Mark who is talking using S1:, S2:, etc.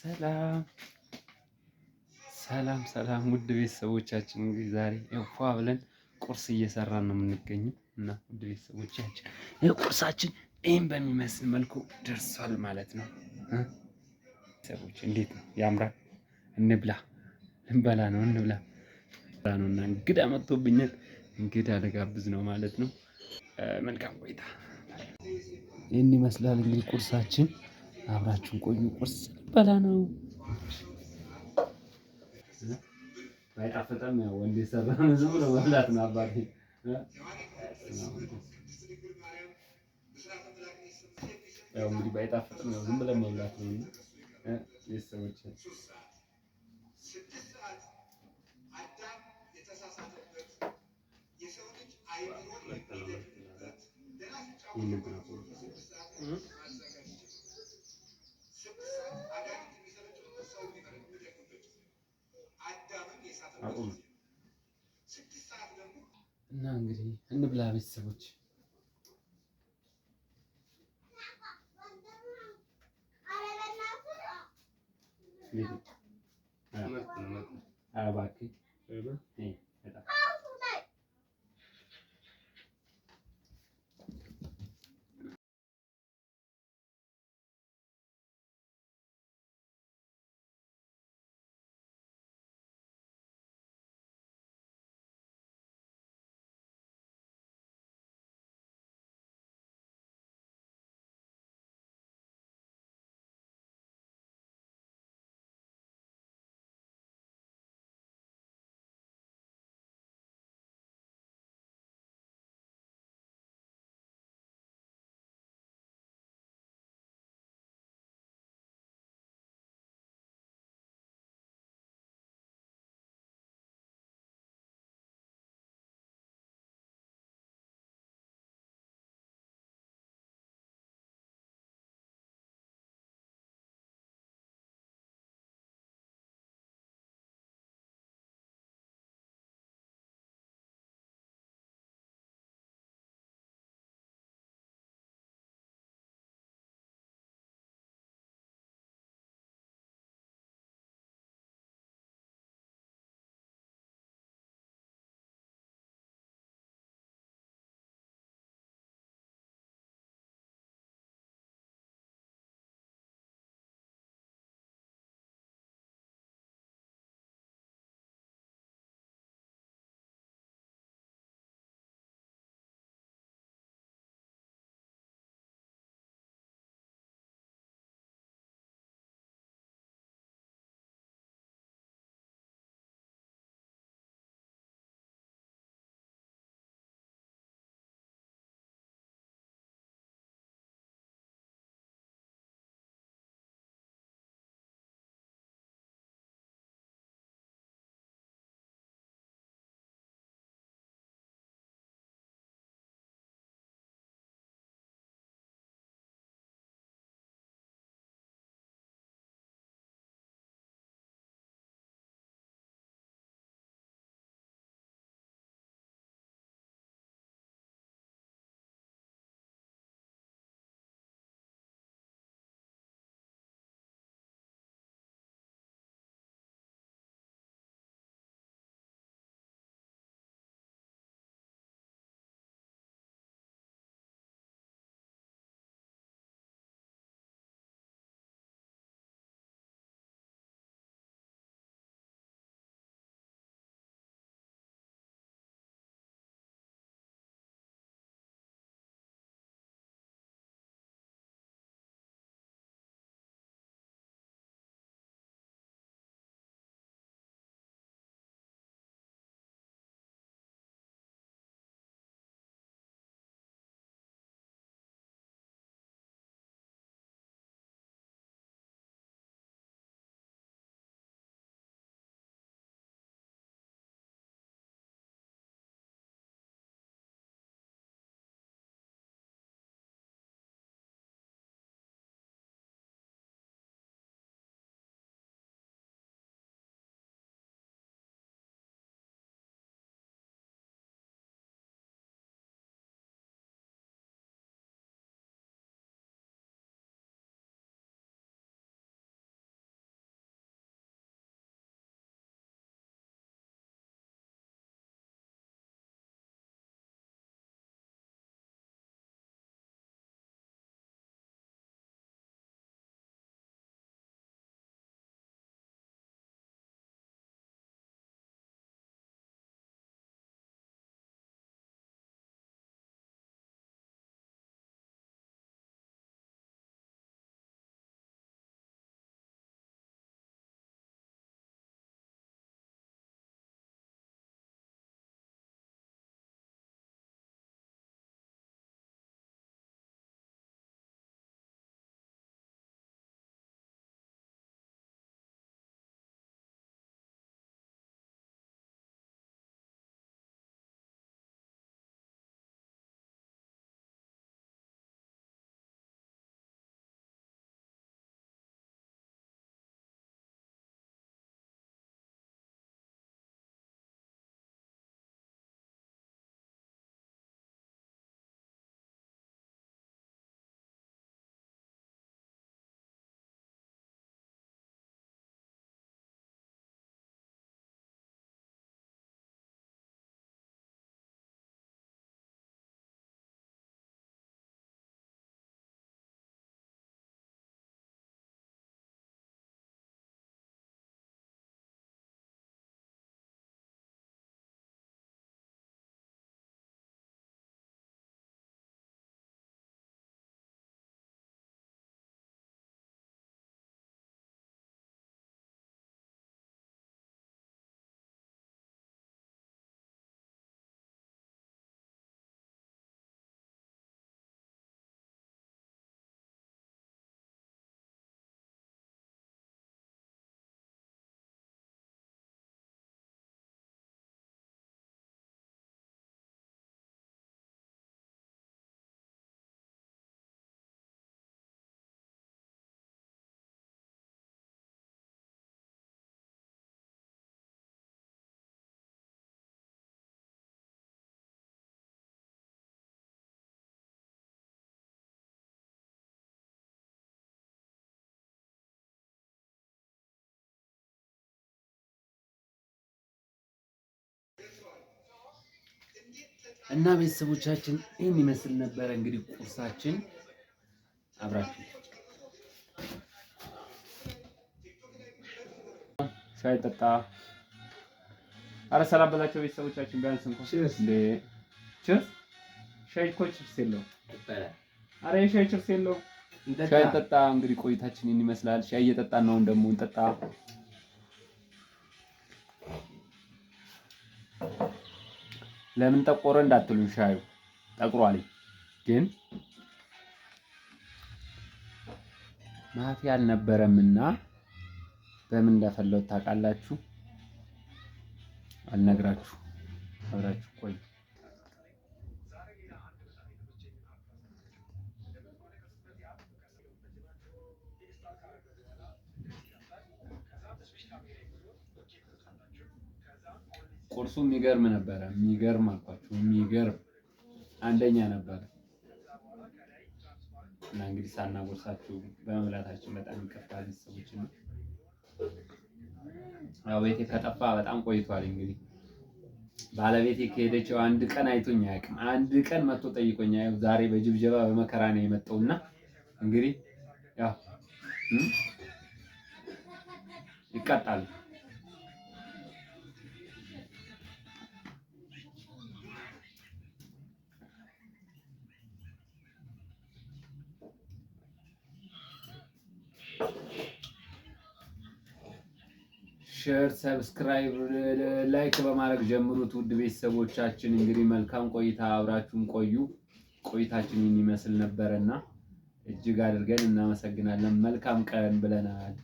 S1: ሰላም ሰላም ሰላም ውድ ቤተሰቦቻችን እንግዲህ ዛሬ ፏ ብለን ቁርስ እየሰራን ነው የምንገኘው እና ውድ ቤተሰቦቻችን ይህ ቁርሳችን ይህም በሚመስል መልኩ ደርሷል ማለት ነው። ሰዎች እንዴት ነው? ያምራል። እንብላ፣ እንበላ ነው እንብላ ነው እና እንግዳ መጥቶብኛል። እንግዳ ልጋብዝ ነው ማለት ነው። መልካም ቆይታ። ይህን ይመስላል እንግዲህ ቁርሳችን አብራችሁን ቆዩ። ቁርስ በላ ነው አይጣፍጥም። ያው ወንድ የሰራ ዝም ብሎ መብላት ነው። አባቴ ያው እንግዲህ ባይጣፍጥም ያው ዝም ብለን መብላት ነው። ቤተሰቦች ይህን እና እንግዲህ እንብላ ቤተሰቦች። እባክህ እና ቤተሰቦቻችን ይህን ይመስል ነበረ እንግዲህ ቁርሳችን አብራችሁ ሻይ አረ ሰላም በላቸው ቤተሰቦቻችን። ቢያንስ እንኳን ቺርስ እንደ ቺርስ ሻይ እኮ ቺርስ የለውም። አረ የሻይ ቺርስ የለውም። ሻይ ጠጣ። እንግዲህ ቆይታችን ይህን ይመስላል። ሻይ እየጠጣን ነው። ደግሞ እንጠጣ ለምን ጠቆረ እንዳትሉ ሻዩ ጠቁሯልኝ። ግን ማፊ አልነበረምና በምን እንዳፈለው ታውቃላችሁ? አልነግራችሁ። አብራችሁ ቆዩ። ቁርሱ የሚገርም ነበረ። የሚገርም አልኳችሁ፣ የሚገርም አንደኛ ነበረ። እና እንግዲህ ሳናጎርሳችሁ በመብላታችን በጣም ይከፋ ቤተሰቦች ነው። ያው ቤቴ ከጠፋ በጣም ቆይቷል። እንግዲህ ባለቤቴ ከሄደችው አንድ ቀን አይቶኝ አያውቅም። አንድ ቀን መጥቶ ጠይቆኝ አይ ዛሬ በጅብጀባ በመከራ ነው የመጣውና እንግዲህ ያው ይቀጣል። ሼር፣ ሰብስክራይብ፣ ላይክ በማድረግ ጀምሩት። ውድ ቤተሰቦቻችን እንግዲህ መልካም ቆይታ አብራችሁን ቆዩ። ቆይታችን ይመስል ነበረና እጅግ አድርገን እናመሰግናለን። መልካም ቀን ብለናል።